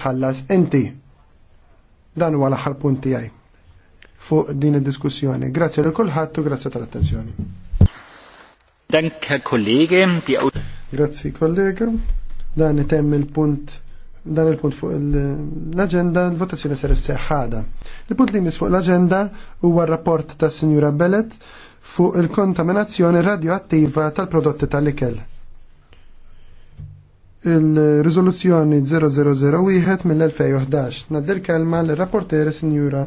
tħallas inti. Dan huwa l-aħħar punt tiegħi fuq din id-diskussjoni. Grazzi lil kulħadd u grazzi tal-attenzjoni. Dank kollegi. Grazzi kollega. Dan itemm il-punt dan il-punt fuq l-agenda l-votazzjoni ser ħada. Il-punt li mis fuq l-agenda huwa r-rapport tas Sinjura Bellet fuq il-kontaminazzjoni radioattiva tal-prodotti tal-ikel il-rizoluzzjoni 0001 mill-2011. Naddil kelma l-rapportere sinjura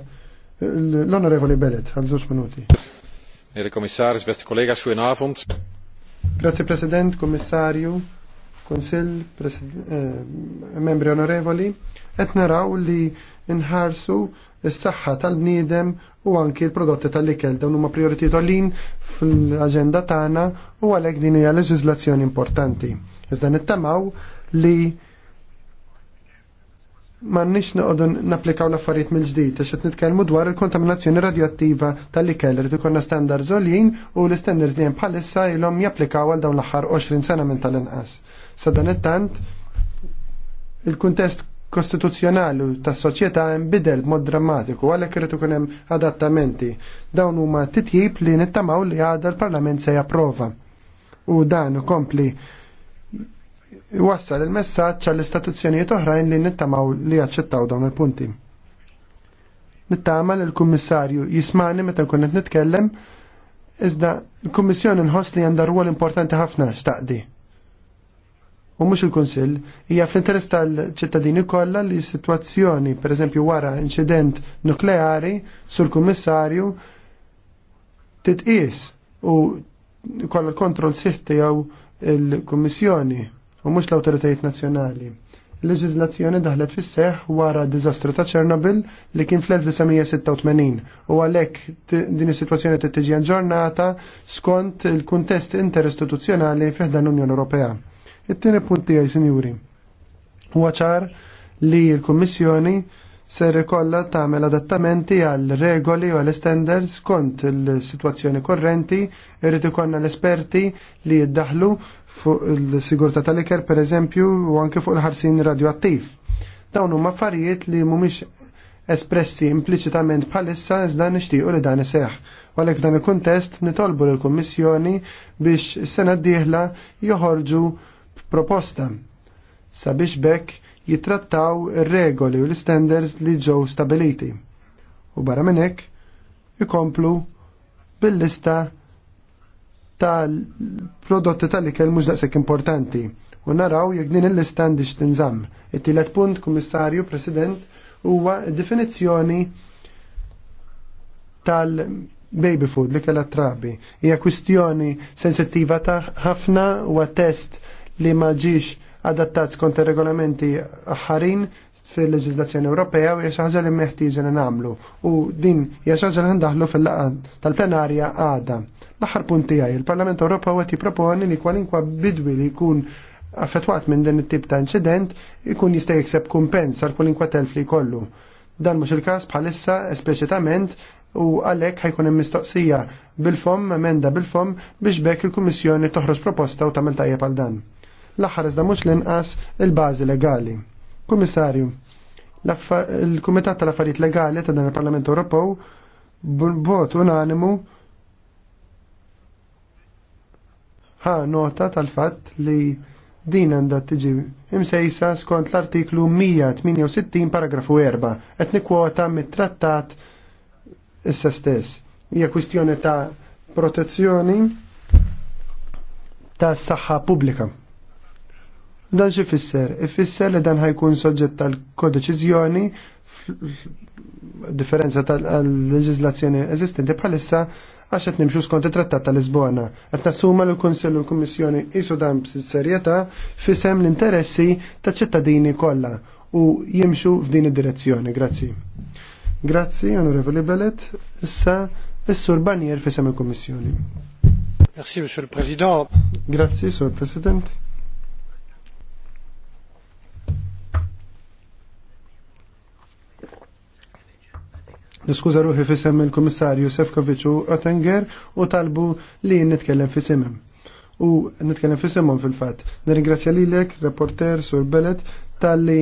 l-onorevoli Bellet, għal żewġ minuti. Meneer commissaris, beste collega's, goedenavond. Grazie President, komissarju, Konsil, eh, membri onorevoli. Et naraw li nħarsu s-saħħa tal-bniedem u anki l-prodotti tal-ikel dawn huma prioritiet għalin fl-aġenda tagħna u għalhekk din hija leġiżlazzjoni importanti. Iżda nittamaw li ma nix noqogħdu napplikaw l-affarijiet mill-ġdid għax qed nitkellmu dwar il-kontaminazzjoni radioattiva tal-ikel li ikollna standards għoljin u l-standards li hemm bħalissa ilhom japplikaw għal dawn l-aħħar 20 sena minn tal-inqas. Sa dan it-tant il-kuntest kostituzzjonali tas-soċjetà nbidel b'mod drammatiku għalhekk irid ikun hemm adattamenti. Dawn huma titjib li nittamaw li għadha l-Parlament se japprova. U dan kompli wassal il-messaġġ għall-istituzzjonijiet oħrajn li nittamaw li jaċċettaw dawn il-punti. Nittama il-Kummissarju jismani meta nkun qed nitkellem, iżda l-Kummissjoni nħoss li għandha rwol importanti ħafna x'taqdi. U mhux il-Kunsill hija fl-interess tal-ċittadini kollha li sitwazzjoni, pereżempju wara inċident nukleari sul-Kummissarju titqis u kollha l-kontroll sieħ jew il-Kummissjoni u mhux l-awtoritajiet nazzjonali. Il-leġiżlazzjoni daħlet fis seħħ wara d-diżastru ta' Ċernobil li kien fl-1986 u għalhekk din is-sitwazzjoni trid tiġi ġornata skont il-kuntest interistituzzjonali fih dan l-Unjoni Ewropea. It-tieni punt tiegħi, Sinjuri, huwa ċar li l-Kummissjoni ser ikolla tagħmel adattamenti għal regoli u għal standards kont il-sitwazzjoni korrenti, irrid ikollna l-esperti li jiddaħlu fuq il-sigurtà tal-iker pereżempju u anke fuq il-ħarsin radioattiv. Dawn huma affarijiet li mhumiex espressi impliċitament bħalissa iżda nixtiequ li dan iseħħ. Għalhekk dan il-kuntest nitolbu lill-Kummissjoni biex is-sena d-dieħla joħorġu proposta sabiex bekk jitrattaw ir-regoli u l-standards li ġew stabiliti. U barra minn hekk ikomplu bil-lista tal-prodotti tal-ikel mhux daqshekk importanti u naraw jekk din il-lista għandix tinżamm. It-tielet punt, Kummissarju, President, huwa definizzjoni tal- baby food li kellha trabi. Hija kwistjoni sensittiva ta' ħafna u test li ma ġiex adattat skont ir-regolamenti ħarin fil-leġizlazzjoni Ewropea u ħaġa li meħtieġa nagħmlu u din ħaġa li ndaħlu fil laqgħa tal-plenarja għada. L-aħħar punt tiegħi, il-Parlament Ewropew qed jipproponi li kwalinkwa bidwi li jkun affettwat minn din it-tip ta' inċident ikun jista' jikseb kumpens għal kwalinkwa telf li jkollu. Dan mhux il-każ bħalissa espliċitament u għalhekk ħajkun hemm mistoqsija bil-fom, emenda bil-fom biex bekk il-Kummissjoni toħroġ proposta u tagħmel tajjeb għal dan l-aħħar iżda mhux l-inqas il-bażi legali. Kummissarju, il-Kumitat tal-Affarijiet Legali ta' dan il-Parlament Ewropew b'vot unanimu ħa nota tal-fatt li din għandha tiġi imsejsa skont l-artiklu 168 paragrafu 4 qed nikkwota mit-trattat issa stess. Hija kwistjoni ta' protezzjoni tas saħħa pubblika. Dan xi fisser? Ifisser li dan ħajkun soġġett tal kodeċizjoni differenza tal leġizlazzjoni eżistenti bħalissa għax qed nimxu skont it-Trattat ta' Lisbona. Qed nassuma l-Kunsell u l-Kummissjoni qisu dan b'sinserjetà fisem l-interessi ta' ċittadini kollha u jimxu f'din id-direzzjoni. Grazzi. Grazzi, Onorevoli Belet. Issa is-Sur Barnier fisem il-Kummissjoni. Merci, Monsieur le Président. Grazzi, Sur President. Niskuża ruħi fisem il-Kummissarju Sefkovic u Ottinger u talbu li nitkellem fisimem. U nitkellem fisimhom fil-fatt. Nirringrazzja lilek, reporter Sur Belet, tal-li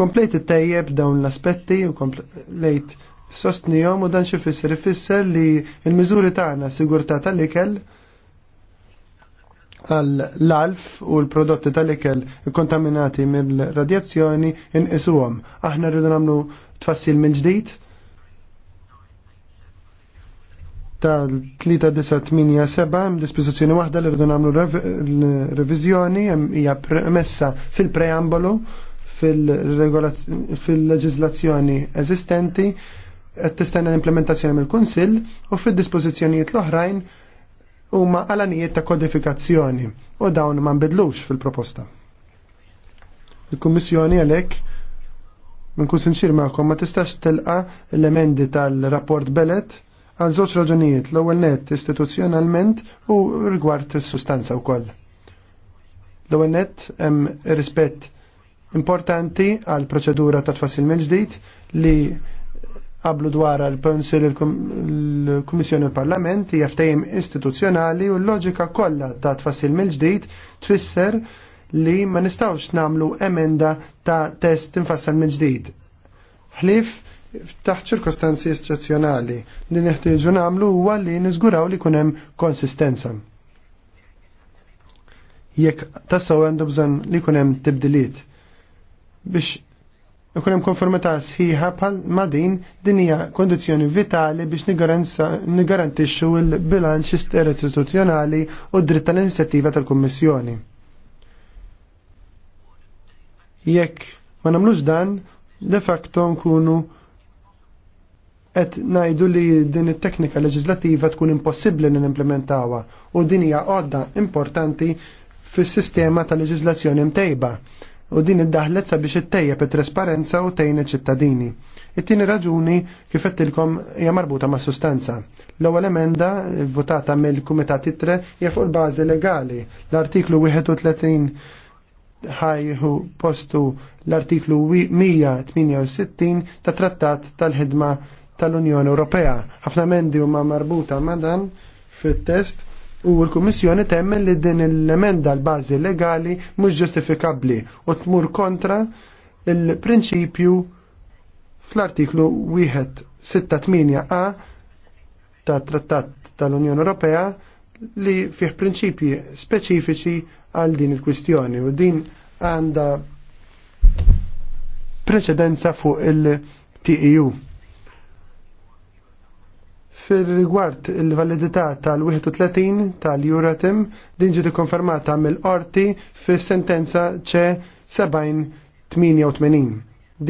komplejt it-tejjeb dawn l-aspetti u komplejt sostnijom u dan xifisser ifisser li il-miżuri tagħna sigurtà tal-ikel l-alf u l-prodotti tal-ikel kontaminati mill-radjazzjoni inqisuhom. Aħna rridu nagħmlu tfassil minn ġdid tal 7 hemm dispożizzjoni waħda li rridu nagħmlu reviżjoni hija premessa fil-preambolu fil-leġiżlazzjoni eżistenti qed tistenna l-implementazzjoni mill-Kunsill u fid-dispożizzjonijiet l-oħrajn huma għalanijiet ta' kodifikazzjoni u dawn ma nbidlux fil-proposta. Il-Kummissjoni għalhekk Minkun sinċir ma'kom ma tistax tilqa l-emendi tal-rapport Belet għal żewġ raġunijiet, l-ewwel net istituzzjonalment u rigward is-sustanza wkoll. L-ewwel net hemm rispett importanti għal proċedura ta' tfassil minn ġdid li qablu dwar għal council il-Kummissjoni l parlament hija ftehim istituzzjonali u l-loġika kollha ta' tfassil mill ġdid tfisser li ma nistawx namlu emenda ta' test infassal minn ġdid. Ħlif taħt ċirkostanzi eccezjonali li neħtieġu nagħmlu huwa li niżguraw li kunem hemm konsistenza. Jekk tassew għandu bżonn li kunem hemm tibdiliet biex ikun hemm konformità sħiħa bħal ma' din din hija kondizzjoni vitali biex nigarantixxu l-bilanċ istituzzjonali u dritta l tal-inizjattiva tal-Kummissjoni. Jekk ma nagħmlux dan, de facto nkunu qed ngħidu li din it-teknika leġislattiva tkun impossibbli li nimplementawha u din hija għodda importanti fis-sistema ta' leġislazzjoni mtejba u din iddaħlet sabiex ittejjeb it-trasparenza u tejn iċ-ċittadini. It-tieni raġuni kif qedtilkom hija marbuta ma' sustanza. L-ewwel emenda votata mill-Kumitat Itre hija fuq il-bażi legali. L-artiklu 31 ħajhu postu l-artiklu 168 ta' trattat tal-ħidma tal-Unjoni Ewropea. Ħafna mendi huma marbuta ma' dan fit-test u l-Kummissjoni temmen li din l-emenda l-bażi legali mhux ġustifikabbli u tmur kontra il-prinċipju fl-artiklu 168a ta' Trattat tal-Unjoni Ewropea li fih prinċipji speċifiċi għal din il-kwistjoni u din għanda preċedenza fuq il-TEU. Fil-rigward il-validità tal-31 tal-Juratim din ġiet ikkonfermata mill-qorti fis-sentenza c 70-88.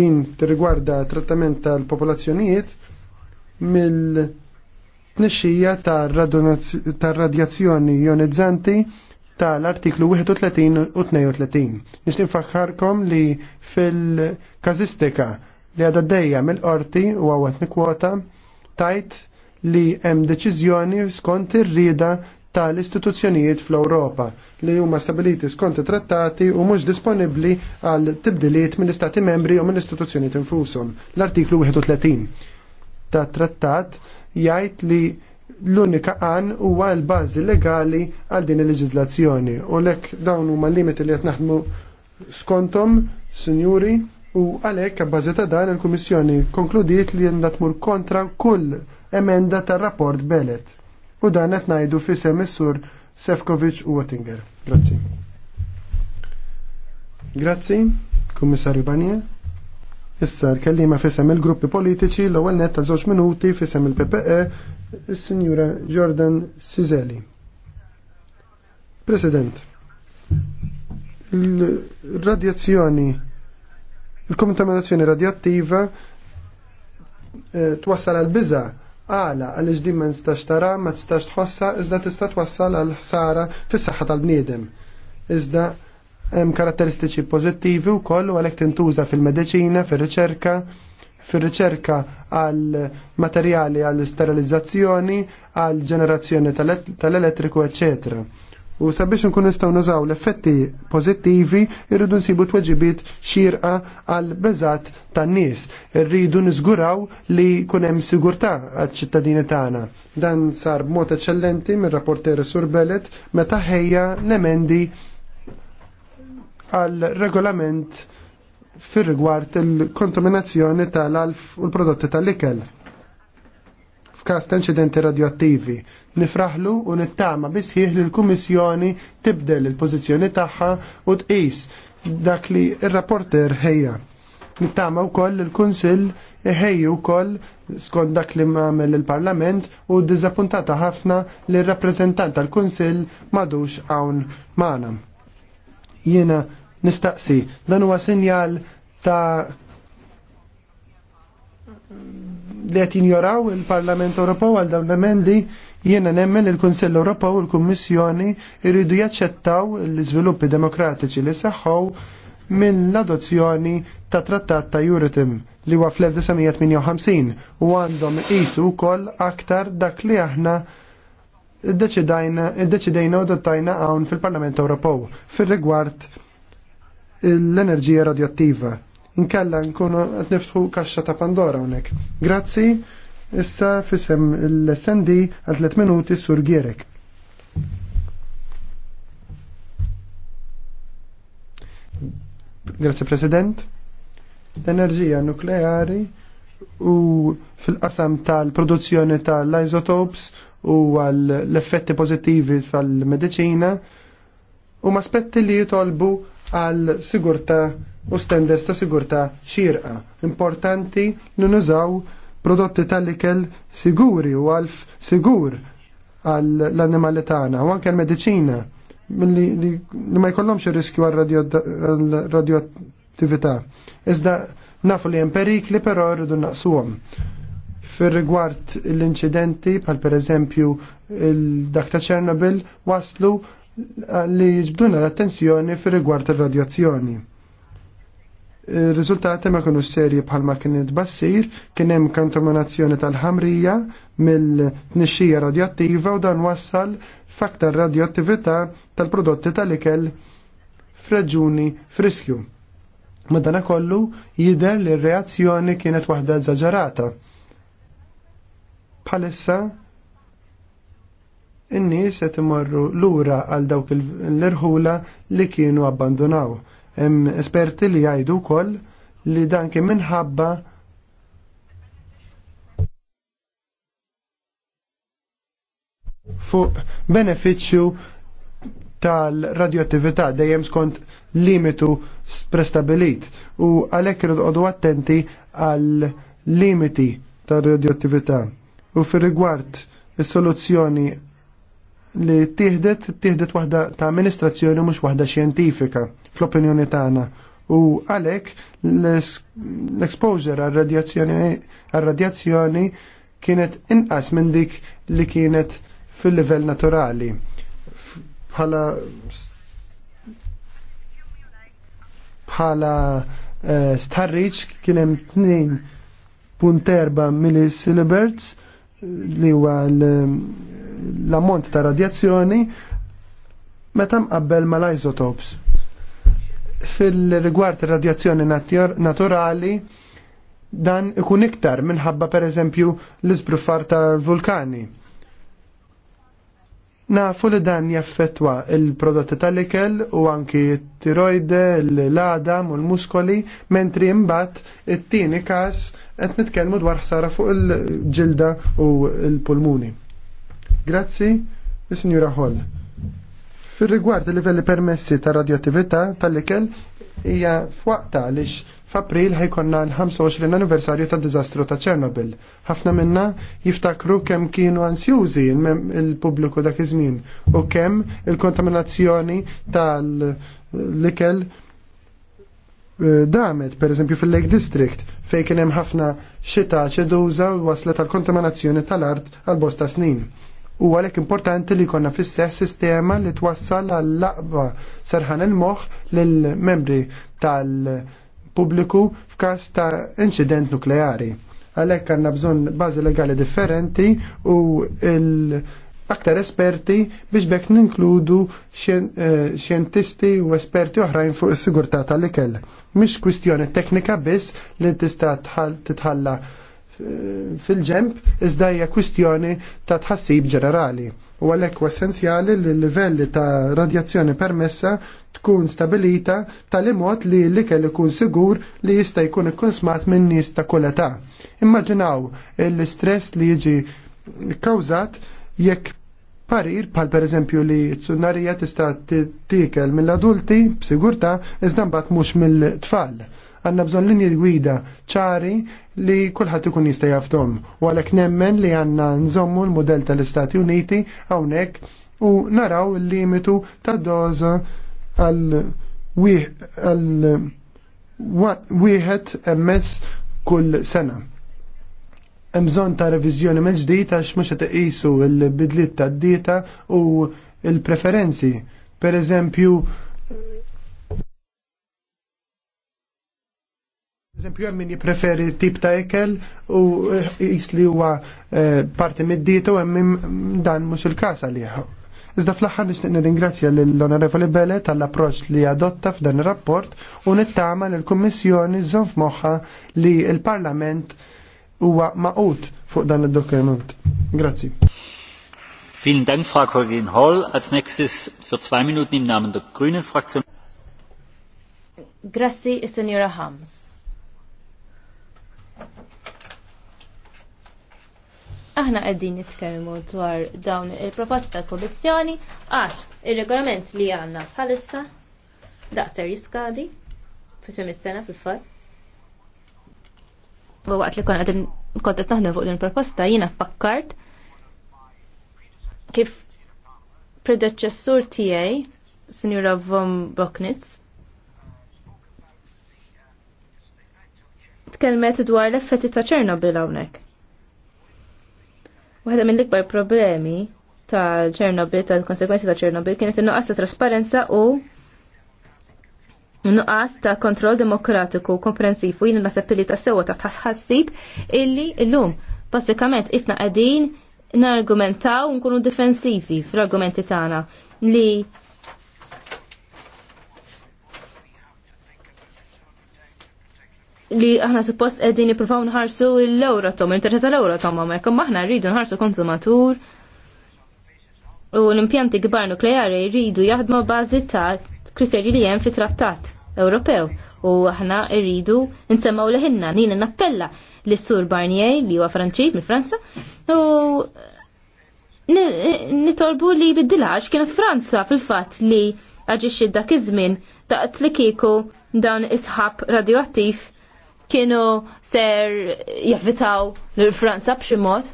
Din tirrigwarda trattament tal-popolazzjonijiet mill-tnixxija tar-radjazzjoni jonizzanti tal-artiklu 31 u 32. Nix nifakkarkom li fil-kazistika li għadaddeja d mill-qorti u għawet nikwota tajt li hemm deċiżjoni skont ir-rieda tal-istituzzjonijiet fl-Ewropa li huma stabiliti skont trattati u mhux disponibbli għal tibdiliet mill-Istati membri u mill-istituzzjonijiet infushom. L-artiklu 31 ta' trattat jgħid li l-unika għan huwa l-bażi legali għal din il-leġiżlazzjoni u lek dawn huma limiti li qed naħdmu skontom, sinjuri, U għalhekk abbażi ta' dan il-Kummissjoni konkludiet li jenda tmur kontra kull emenda tar-rapport Belet. U dan qed ngħidu fisem is-sur u Ottinger. Grazzi. Grazzi, Kummissarju Barnier. Issa l-kellima fisem il-gruppi politiċi l-ewwel netta ta' żewġ minuti fisem il-PPE is-Sinjura Jordan Siseli. President, il-radjazzjoni Il-kontaminazzjoni radioattiva eh, twassal għal biża għala għal ġdim ma nistax tara, ma tistax tħossa, iżda tista' twassal għal ħsara fis-saħħa tal-bniedem. Iżda hemm karatteristiċi pożittivi wkoll u għalhekk tintuża fil-mediċina, fir-riċerka, fir-riċerka għal materjali għal sterilizzazzjoni, għal ġenerazzjoni tal-elettriku, eccetera. U sabiex nkun nistgħu nużaw l-effetti pożittivi, irridu nsibu tweġibiet xirqa għal beżat tan-nies. Irridu niżguraw li jkun hemm sigurtà għaċ-ċittadini tagħna. Dan sar b'mod eċċellenti mir-rapporter Sur Belet meta ħejja l-emendi għal regolament fir rigward il-kontaminazzjoni tal-alf u l-prodotti tal-ikel f'każ ta' inċidenti radioattivi nifraħlu u nittama bisħiħ li l-Kummissjoni tibdel il-pożizzjoni tagħha u tqis dak li r-rapporter ħejja. Nittama wkoll il-Kunsill u wkoll skont dak li għamel il-Parlament u dizappuntata ħafna li r-rappreżentant tal-Kunsill madux hawn magħna. Jiena nistaqsi dan huwa sinjal ta' li qed jinjoraw il-Parlament Ewropew għal dawn l-emendi Jiena nemmen il-Kunsell Ewropew u l-Kummissjoni jridu jaċċettaw l-iżviluppi demokratiċi li minn mill-adozzjoni ta' trattat ta' Juritim li huwa fl-1958 u għandhom isu wkoll aktar dak li aħna id-deċidejna u dottajna għawn fil-Parlament Ewropew fil-rigward l-enerġija radioattiva. Inkella nkunu qed niftħu kaxxa ta' Pandora hawnhekk. Grazzi Issa fisem l-SND għal 3 minuti sur Gierek. Grazie President. L-enerġija nukleari u fil-qasam tal-produzzjoni tal-isotopes u għall-effetti pozittivi tal-medicina u ma spetti li jitolbu għal sigurta u standards ta' sigurta xirqa. Importanti li nużaw prodotti tal-ikel siguri u għalf sigur għall-annimali tagħna u anke l-mediċina li ma jkollhomx ir-riskju għal-radioattività. Iżda nafu li hemm perikli però rridu naqsuhom. Fir-rigward l-inċidenti bħal pereżempju dak ta' Chernobyl waslu li jiġbduna l-attenzjoni fir-rigward ir-radjazzjoni. Il-riżultati ma kienu serji bħalma kien bassir, kien hemm kantominazzjoni tal-ħamrija mill-tnixxija radjattiva u dan wassal faktar radjattività tal-prodotti tal-ikel f'reġuni friskju. Madana kollu jider li r-reazzjoni kienet waħda eżaġerata. Bħalissa in-nies qed imorru lura għal dawk l-irħula li kienu abbandonaw Hemm esperti li jgħidu wkoll li dan kien minħabba fuq beneficju tal-radioattività dejjem skont limitu prestabilit u għalhekk irqodu attenti għal limiti tal-radioattività u fir rigward is-soluzzjoni li tieħdet tieħdet waħda ta' amministrazzjoni mhux waħda xjentifika fl-opinjoni tagħna. U għalhekk l-exposure għal-radjazzjoni kienet inqas minn dik li kienet fil-livell naturali. Bħala bħala uh, starriċ kien hemm 2.4 millisilberts li huwa l-ammont ta' radjazzjoni meta mqabbel mal-isotopes. Fil-rigward radjazzjoni naturali dan ikun iktar minħabba pereżempju l-isbruffar ta' vulkani. Nafu li dan jaffetwa il-prodotti tal-ikel u anki t-tiroide, l-ladam u l-muskoli, mentri imbat it-tieni kas qed nitkellmu dwar ħsara fuq il-ġilda u l-pulmuni. Grazzi, il sinjura Hall. Fir-rigward il-livelli permessi ta' radioattività tal-ikel hija f'waqta għaliex f'April ħajkonna l-25 anniversarju ta' diżastru ta' Ċernobil. Ħafna minna jiftakru kemm kienu ansjużi il-pubbliku dak iż-żmien u kemm il-kontaminazzjoni tal-ikel Eh, damet, per eżempju fil-Lake District, fej kien hemm ħafna xita ċeduża u waslet tal kontaminazzjoni tal-art għal bosta snin. U għalhekk importanti li konna fis sistema li twassal għal laqba serħan il-moħħ lill-membri tal-pubbliku f'każ ta' inċident nukleari. Għalhekk għandna bżonn bażi legali differenti u il- aktar esperti biex bekk ninkludu eh, xjentisti u esperti oħrajn fuq is-sigurtà tal-ikel. Mhix kwistjoni teknika biss li tista' titħalla eh, fil-ġemp iżda hija kwistjoni ta' tħassib ġenerali. U għalhekk huwa essenzjali li l-livelli ta' radjazzjoni permessa tkun stabilita tal-imot li l-ikel ikun sigur li jista' jkun ikkonsmat minn nies ta' kull età. Immaġinaw l-istress li jiġi kkawżat jekk parir pal per eżempju li tsunarija tista' tikel mill-adulti b'sigurta iżda mbagħad mhux mill-tfal. Għanna bżonn linji gwida ċari li kulħadd ikun jista' jafdom. U għalhekk nemmen li għandna nżommu l-mudell tal-Istati Uniti hawnhekk u naraw il-limitu ta' doza għal wieħed MS kull sena bżonn ta' reviżjoni minn ġdid għax mhux qed iqisu l-bidliet tad-dieta u l-preferenzi. Per eżempju, Eżempju, hemm min jippreferi tip ta' ekel u jis li huwa eh, parti mid-dieta u hemm dan mhux il-każ għalih. Iżda fl-aħħar nixtieq nirringrazzja lill-Onorevoli Bele tal-approċċ li adotta f'dan ir-rapport u nittama l kummissjoni żżomm f'moħħa li l-Parlament huwa maqut fuq dan id-dokument. Grazzi. Vielen Dank, Frau Kollegin Holl. Als nächstes für zwei Minuten im Namen der Grünen Fraktion. Grazzi, Signora Hams. Aħna qegħdin nitkellmu dwar dawn il-proposta tal-Kummissjoni għax ir-regolament li għandna bħalissa daqser jiskadi fit-tmiem is-sena fil-fatt waqt li kon għadin kontet naħdem fuq din proposta jina fakkart kif predeċessur tiegħi, Sinjura Von Boknitz, tkellmet dwar l-effetti ta' Ċernobil hawnhekk. Waħda l ikbar problemi tal-Ċernobil, tal-konsekwenzi ta' Ċernobil, kienet in ta' trasparenza u nuqqas ta' kontroll demokratiku komprensifu jien nasab li ta' sewa ta' tħassib illi illum basikament isna qegħdin argumentaw nkunu difensivi fl-argumenti tagħna li li aħna suppost qegħdin nippruvaw nħarsu l tom, l-interess tal-Euratom għamek, aħna rridu nħarsu konsumatur u l-impjanti kbar nukleari jridu jaħdmu bażi ta' kriterju li hemm fit-trattat Ewropew u aħna rridu nsemmaw leħinna nina nappella l sur Barnier li huwa Franċiż mill Franza u nitolbu li biddilax kienet Franza fil-fatt li għagġiċi dak iż-żmien daqt li kieku dan isħab radioattiv kienu ser javvitaw l-Franza b'xi mod.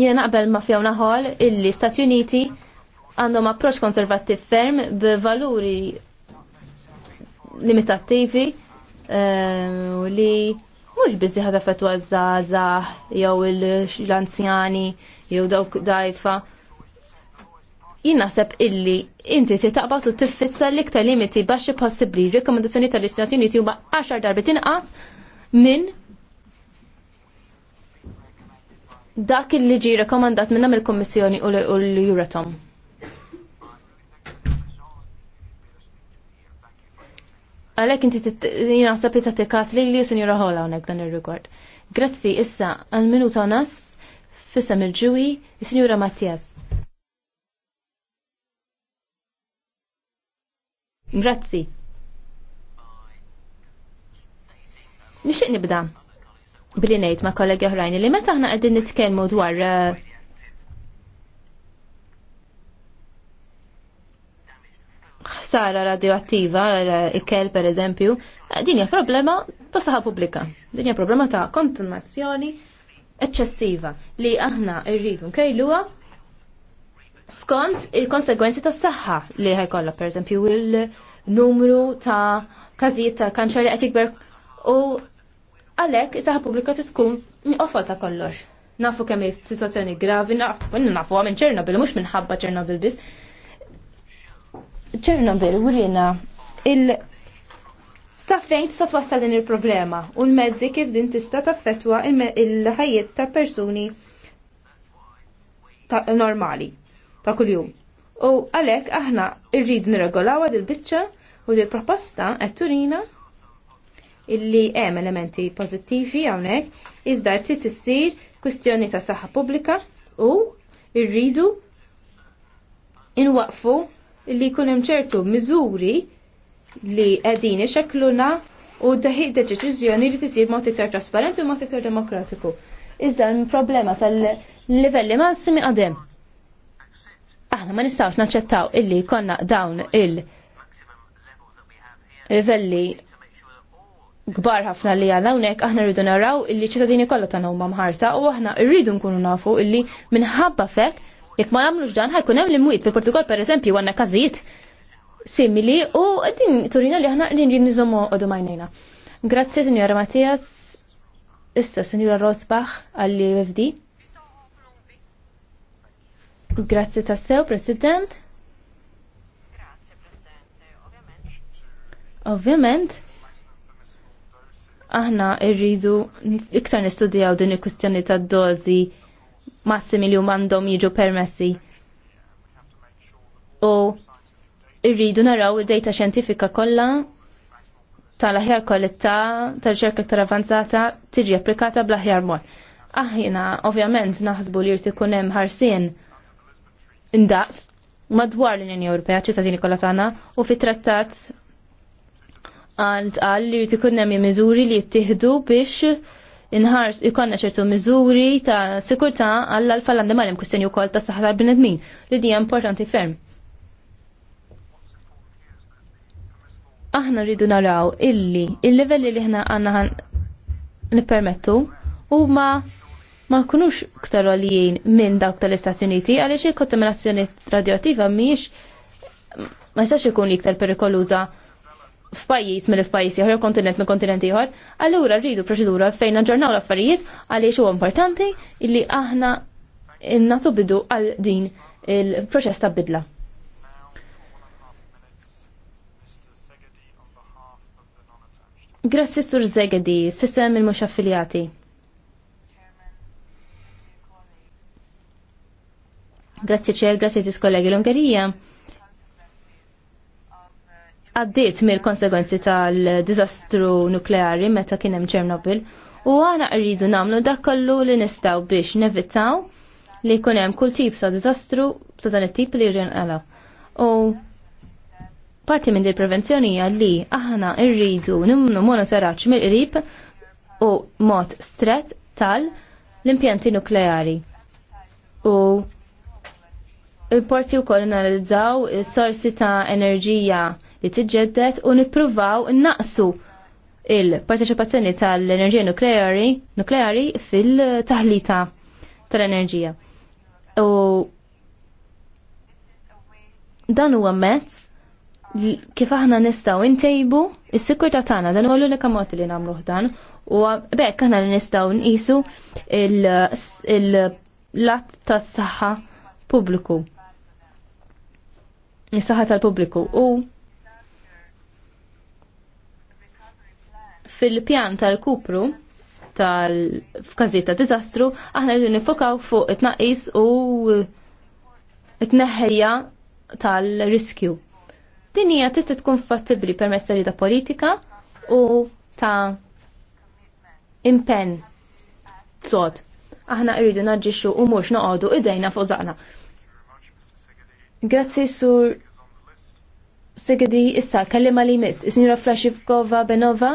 Jiena naqbel ma' fjawna ħol illi Stati Uniti għandhom approċ konservattiv ferm b'valuri limitattivi ehm, u li mhux biżi ħad affettwa żgħażagħ jew l-anzjani jew dawk dajfa. Jien naħseb illi inti se taqbad u tiffissa l-iktar limiti baxxi possibbli. Rekomendazzjoni tal-Istati Uniti huma 10 darbit inqas minn dak il-liġi rekomandat minnam il-Kommissjoni u l-Euratom. għalhekk inti jiena naħseb li tagħti każ li li Sinjura Hola hawnhekk dan ir-rigward. Grazzi issa għal minuta nafs fissem il-ġuwi Sinjura Mattias. Grazzi. Nixiq nibda billi ngħid ma' kollegi ħrajni li meta aħna qegħdin nitkellmu dwar uh, ħsara radioattiva, ikel per eżempju, din hija problema ta' saħa pubblika. Din hija problema ta' kontinuazzjoni eċċessiva li aħna rridu nkejluha skont il-konsegwenzi tas saħħa li ħajkollha per eżempju il-numru ta' każijiet ta' kanċer li qed jikber u għalhekk is-saħħa pubblika tkun nqofol ta' kollox nafu kemm situazzjoni gravi, nafu għamil ċernobil, mhux minħabba ċernobil biss, Ċernobil urina il- Saffejn tista' twassal din il-problema u l-mezzi kif din tista' taffetwa il-ħajjiet ta' persuni normali ta' kuljum. U għalhekk aħna rrid nirregolaw il biċċa u dil proposta qed turina illi hemm elementi pożittivi hawnhekk iżda trid issir kwistjoni ta' saħħa pubblika u rridu inwaqfu li jkun hemm ċertu miżuri li qegħdin ixekkluna u teħid deċiżjoni li tisir mod iktar trasparenti u mod iktar demokratiku. Iżda hemm problema tal-livelli massimi għadem. Aħna ma nistgħux naċċettaw illi konna dawn il-livelli gbar ħafna li għal hawnhekk aħna rridu naraw illi ċittadini kollha tagħna huma mħarsa u aħna rridu nkunu nafu illi minħabba fek Jekk ma nagħmlux dan ħajkun hemm l-imwiet fil-Portugal pereżempju għandna każijiet simili u din turina li aħna li nżommu għadu majnejna. Grazzi Sinjora Mattias, issa Sinjora Rosbach għalli ufd Grazzi tassew, President. Ovvjament, aħna irridu iktar nistudjaw din il-kustjoni ta' dozi massimi li għandhom jiġu permessi. U irridu naraw id-data xjentifika kollha tal-aħjar kwalità tal-ċerka ktar avanzata tiġi applikata bl-aħjar mod. Aħjina, ovvjament, naħsbu li jirti kunem ħarsien indaqs madwar l-Unjoni Ewropea, ċittadini kollha tagħna, u fit-trattat għal li jirti kunem miżuri li jittieħdu biex inħars ikonna ċertu miżuri ta' sikurta għall alfa l-għandemali mkussenju kol ta' saħħar bnedmin li di importanti ferm. Aħna rridu naraw illi il-level li ħna għanna nipermettu u ma ma kunux ktar għalijin minn dawk tal-Istati Uniti għaliex il-kontaminazzjoni radioattiva miex ma jistax ikun iktar perikoluza f'pajjiż mill f'pajjiż ieħor kontinent minn kontinent ieħor, allura rridu proċedura fejn naġġornaw l-affarijiet għaliex huwa importanti illi aħna nagħtu bidu għal din il-proċess ta' bidla. Grazzi Sur Zegedi, fissem il-mux affiljati. Grazzi ċer, grazzi tis kollegi l-Ungerija għaddit mill-konsegwenzi tal-dizastru nukleari meta kien hemm Ċernobil u għana rridu namlu dak kollu li nistaw biex nevitaw li jkun hemm kull tip ta' dizastru ta' dan it-tip li jirrenqala. U parti minn il-prevenzjoni hija li aħna rridu nimnu monitoraġġ mill-qrib u mod stret tal l-impjanti nukleari. U importi wkoll analizzaw is-sorsi ta' enerġija li tiġġeddet u nippruvaw naqsu il-parteċipazzjoni tal-enerġija nukleari, nukleari fil-taħlita tal-enerġija. U dan huwa mezz kif aħna nistgħu intejbu is-sikurtà tagħna dan huwa l-unika mod li nagħmluh dan u bekk aħna nistgħu nqisu il-lat tas-saħħa pubbliku. Is-saħħa tal-pubbliku u Fil-pjan tal-kupru tal-fkazita dizastru, aħna rridu nifokaw fuq it-naqis u it-neħħija tal-riskju. Din hija tista' tkun fattibbli permezz ta' politika u ta' impenn sod. Aħna rridu naġġixxu u mhux noqogħdu idejna fuq zaqna. Grazzi sur Segedi issa kellima li miss, is-Sinjura Flashivkova Benova,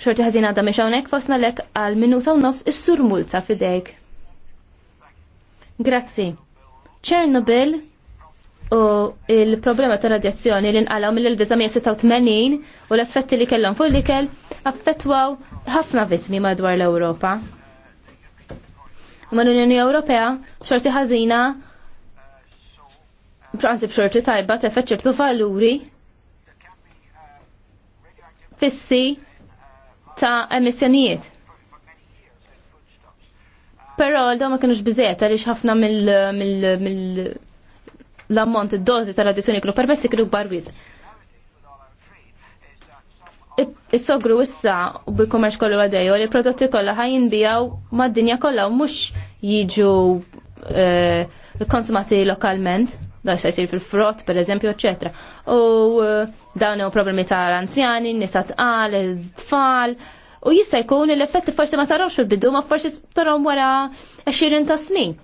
Xorti ħazin għadda miex hawnhekk fosna lek għal minuta u nofs is-sur mulza fidejk. Grazzi. Chernobyl u il-problema ta' radjazzjoni li nqalaw mill-1986 u l-effetti li kellhom fuq l-ikel affettwaw ħafna vittmi madwar l-Ewropa. U mal-Unjoni Ewropea xorti ħażina Franzi b'xorti tajba tefet ċertu valuri fissi ta' emissjonijiet. Però l-daw ma kienux bizzet, għaliex ħafna mill-ammont id-dozi tal-addizzjoni kienu permessi kienu gbar wiz. Is-sogru issa u bil-kummerċ kollu u li prodotti kollha ħajin bijaw mad-dinja kollha u mhux jiġu e, konsumati lokalment, da se jsir fil-frott, per eżempju, eccetera. U e, Dawn hemm problemi tal-anzjani, nisa tqal, tfal, u jista' jkun l-effetti forsi ma tarawx fil-bidu ma forsi tarawhom wara 20 ta' snin.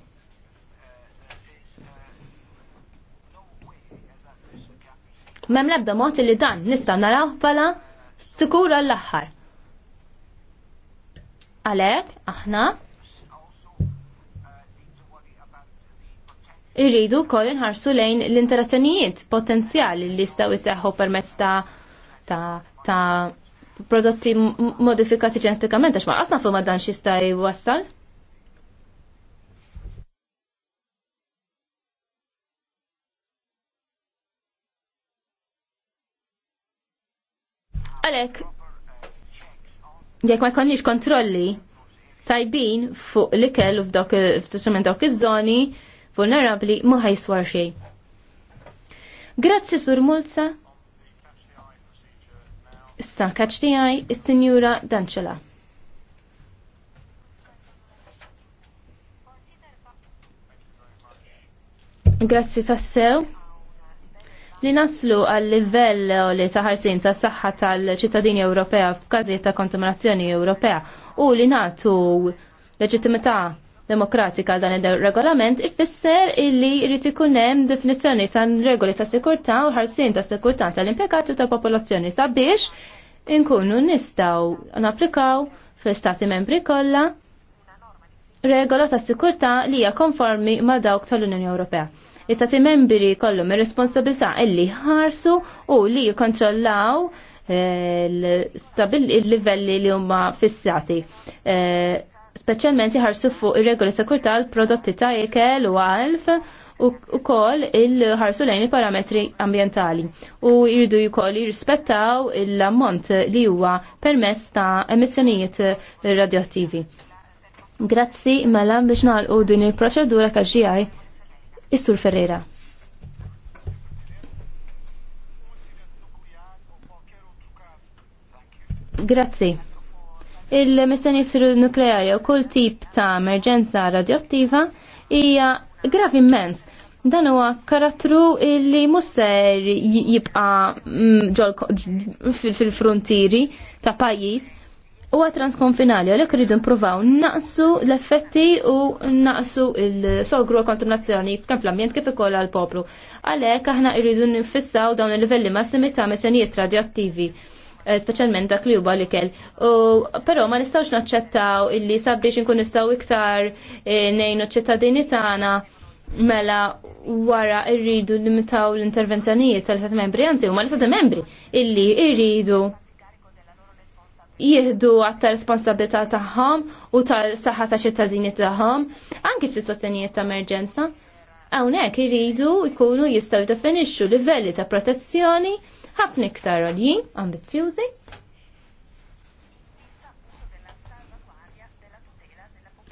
Mem ebda mod li dan nista' naraw bħala sikura l-aħħar. Għalhekk aħna irridu wkoll inħarsu lejn l-interazzjonijiet potenzjali li jistgħu jseħħu permezz ta' ta', ta prodotti modifikati ġenetikament għax ma qasna fuq madan dan xista jwassal. Għalek, jekk ma jkollniex kontrolli tajbin fuq l-ikel u dawk iż-żoni, vulnerabli ma ħajswar xejn. Grazzi Sur Mulza. Issa kaċ is-Sinjura Danċela. Grazzi tassew li naslu għal livell li taħarsin ta' saħħa tal-ċittadini Ewropea f'każijiet ta' kontaminazzjoni Ewropea u li natu leġittimità demokratika dan il-regolament ifisser illi jrid ikun hemm definizzjoni ta' regoli ta' sikurtà u ħarsin ta' sikurta tal-impjegati u tal-popolazzjoni sabiex inkunu nistgħu napplikaw fl-istati membri kollha regola ta' sikurtà li hija konformi ma' dawk tal-Unjoni Ewropea. Istati membri kollhom ir-responsabilità illi ħarsu u li jikkontrollaw eh, il-livelli li huma fissati. Eh, speċjalment jħarsu fuq ir-regoli sekurtà l-prodotti ta' ikel u għalf u kol il-ħarsu lejn il-parametri ambientali u jiridu jkoll jirrispettaw l-ammont li huwa permess ta' emissjonijiet radioattivi. Grazzi mela biex nagħlqu din il-proċedura kaġġijaj is-Sur Ferreira. Grazzi il-missjonijiet nukleari u kull tip ta' emerġenza radioattiva hija grav immens dan huwa karattru li musser jibqa mm, fil-frontieri ta' pajjiż huwa transkonfinali għalhekk rridu npruvaw naqsu l-effetti u naqsu l-sorgru kontaminazzjoni kemm fl-ambjent kif ukoll l poplu Għalhekk aħna rridu nfissaw dawn il-livelli massimi ta' missjonijiet radioattivi Eh, speċjalment dak li huwa l-ikel. Però ma nistgħux naċċettaw illi sabiex inkun nistgħu iktar eh, ngħinu ċittadini tagħna mela wara irridu limitaw l-intervenzjonijiet tal-ħat membri, anzi huma l-istat membri illi irridu jihdu għatta responsabilità tagħhom u tal-saħħa ta' ċittadini tagħhom anki f'sitwazzjonijiet ta' emerġenza. Hawnhekk iridu jkunu jistgħu jiddefinixxu livelli ta' protezzjoni ħafna iktar għaljin, ambizzjużi.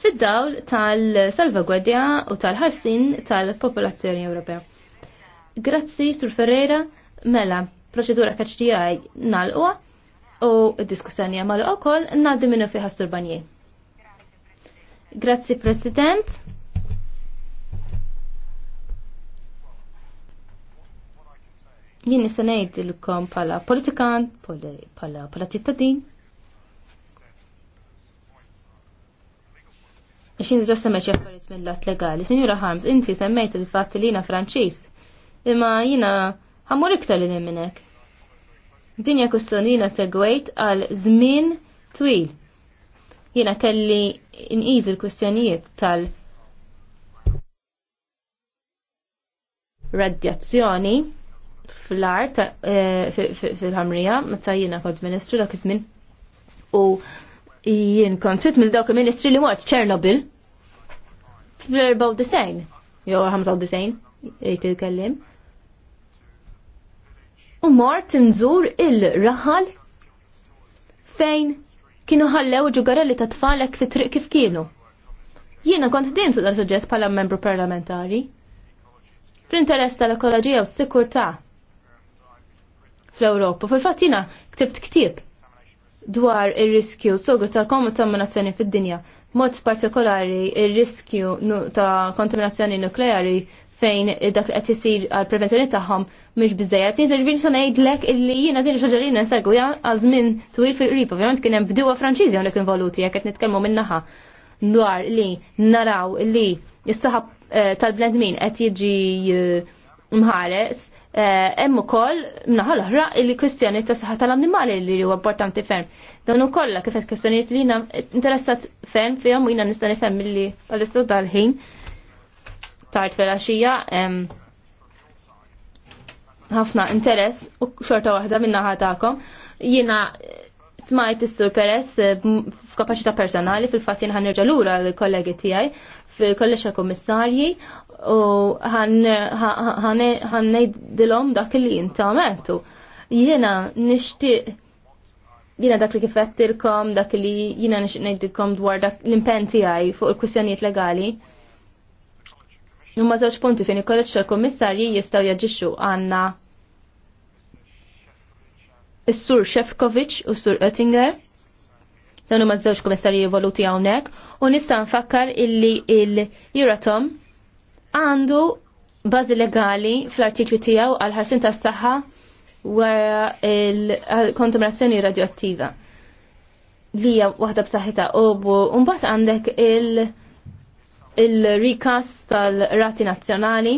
fid-dawl tal-salvagwardja u tal-ħarsin tal-popolazzjoni Ewropea. Grazzi, Sur Ferreira, mela, proċedura kaċtijaj nal-qwa u diskussjoni għamal okol kol naddi minnu fiħas Sur Banjie. Grazzi, President. jien nista' ngħidilkom bħala politikan, bħala bħala ċittadin. Xin ġo semmex affarijiet mill att legali. Sinjura Harms, inti semmejt il-fatt li jiena Franċiż, imma jiena ħammur iktar li minnek. Dinja kustoni jiena segwejt għal żmien twil. Jiena kelli inqis il kwistjonijiet tal- radjazzjoni fl-art eh, fil-ħamrija, meta jiena kont ministru dak iż-żmien. U jien kont mill dawk il-ministri li mort Chernobyl fl-94 jew 95 jgħid jitkellem. U mort nżur il-raħal fejn kienu ħallew ġugarelli ta' tfalek fit triq kif kienu. Jiena kont din fuq dan suġġett bħala membru parlamentari. Fl-interess tal-ekoloġija u s-sikurtà fl-Ewropa. Fil-fatt jiena ktibt ktieb dwar ir-riskju sogur ta' kontaminazzjoni fid-dinja. Mod partikolari ir-riskju ta' kontaminazzjoni nukleari fejn dak qed isir għal prevenzjoni tagħhom mhux biżejjed. Jiġifieri se ngħidlek illi jiena din xaġarin nsegwu għal żmien twil fil-qrib, ovvjament kien hemm bdiewa Franċiżi hawnhekk involuti jekk qed nitkellmu minnaħa dwar li naraw li s-saħab eh, tal-bnedmin qed jiġi eh, mħares Eh, hemm ukoll naħa l-oħra li kwistjoni ta' saħħa tal-annimali li huwa importanti ferm. Dawn ukoll kif qed kwistjonijiet li jiena interessat ferm fihom u jiena nista' nifhem milli għal dal ħin tard filgħaxija ħafna interess u xorta waħda min-naħa tagħkom. Jiena smajt is-sur Perez eh, f'kapaċità personali fil-fatt jien ħanerġa' lura l-kollegi tiegħi fil-kollex kummissarji u ħannejdilom dak li jinta għameltu. Jena nishtiq jena dak li kifettilkom, dak li jena nishtiq nejdilkom dwar dak l-impenti għaj fuq il-kwistjonijiet legali. Numma zewġ punti fejn il xa l kommissarji jistgħu jaġixxu għandna s sur Shefkovic u s-sur Oettinger. Dawn huma żewġ kummissarji evoluti hawnhekk u nista' nfakkar illi il il għandu bażi legali fl-artikli tiegħu għal ħarsin tas-saħħa għara l-kontaminazzjoni radioattiva li hija waħda b'saħħitha u mbagħad għandek il- il-rikas tal-rati nazzjonali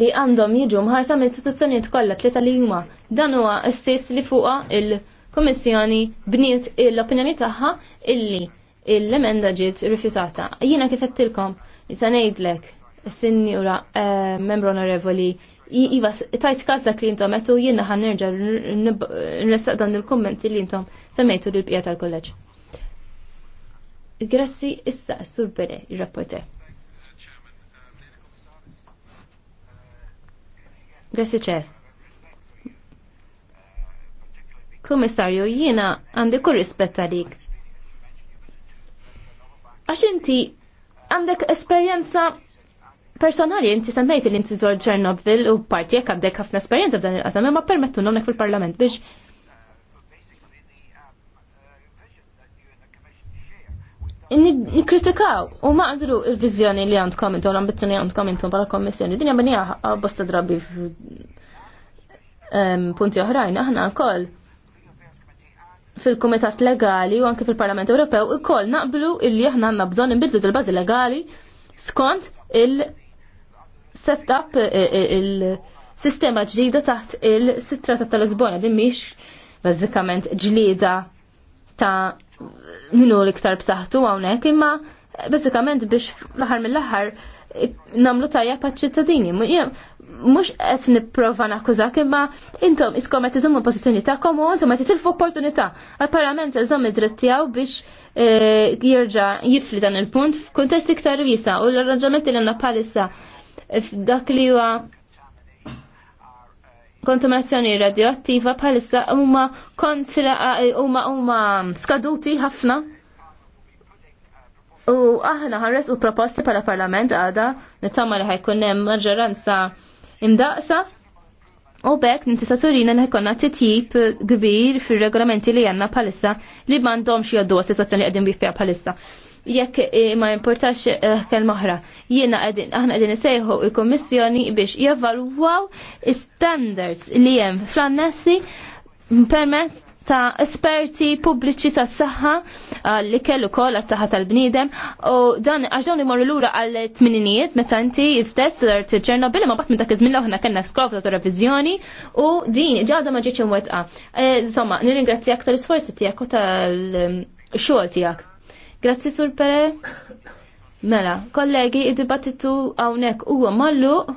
li għandhom jiġu mħarsa minn istituzzjonijiet kollha tlieta li huma. Dan huwa s li fuqha il-Kummissjoni bniet l-opinjoni tagħha illi l-emenda ġiet rifjutata. Jiena kif qedtilkom Issa ngħidlek, sinjura eh, membru onorevoli, iva tajt każ dak li intom qed jiena ħan nerġa' nressaq dan il-kummenti li intom semmejtu lil bqija tal-kolleġġ. Grazzi issa Sur Bene, il-rapporter. Grazzi ċer. Komissarju, jiena għandi kull rispett għalik. Għax inti għandek esperjenza personali, inti semmejti li inti zor Ċernobil u partijek jek għandek ħafna esperjenza b'dan il-qasam, ma permettu nomnek fil-parlament biex Nikritikaw, u ma għandru il-vizjoni li għandkom intom, l li għandkom intom bħala kommissjoni, dinja bani bosta drabi punti oħrajn, aħna koll fil-Kumitat Legali u anke fil-Parlament Ewropew ukoll naqblu illi aħna għandna bżonn inbidlu il-bażi legali skont il-setup e, e, e, il-sistema ġdida taħt il-sitra ta' tal-Lisbona din mhix bażikament ġlieda ta' minu l-iktar b'saħħtu hawnhekk imma bażikament biex l-aħħar mill-aħħar namlu tajja paċ-ċittadini. Mux qed nipprova nakkużak imma intom iskom qed iżommu pozizjoni ta' u intom qed titilfu opportunità. Għall-Parlament iżommu id-dritt tiegħu biex eh, jirġa' jifli dan il-punt f'kuntest iktar wisa. u l-arranġamenti li għandna bħalissa f'dak li huwa kontaminazzjoni radioattiva bħalissa huma kontra eh, huma huma skaduti ħafna U aħna ħarres u proposti pala parlament għada, nittama li ħajkun hemm maġġoranza imdaqsa. U bekk nintisa turina t titjib kbir fil-regolamenti li għanna palissa li mandom xie għaddu situazzjoni li għedin bifja palissa. Jekk eh, ma importax eh, kelma oħra, jiena aħna għedin sejħu il-Kommissjoni biex javalwaw standards li jem fl-annessi permezz ta' esperti pubbliċi ta' s-saħħa Eh, li kellu kol għas-saħħa tal-bniedem u dan għax dawn imorru lura għal-tmininijiet meta inti stess sart Ċernobil ma bat minn dak iż-żmien aħna kellna skrof ta' revizjoni u din ġada ma ġietx imwettqa. Eh, insomma, aktar tal-isforzi tiegħek u tal-xogħol tiegħek. Grazzi Sur Pere. Mela, kollegi, id-dibattitu hawnhekk huwa malluq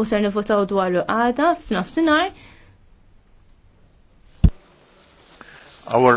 u ser nivotaw dwaru għada f'nofsinhar. Our